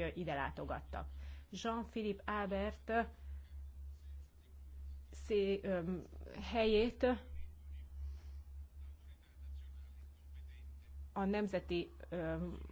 akik ide látogattak. Jean-Philippe Albert szé, öm, helyét a Nemzeti öm,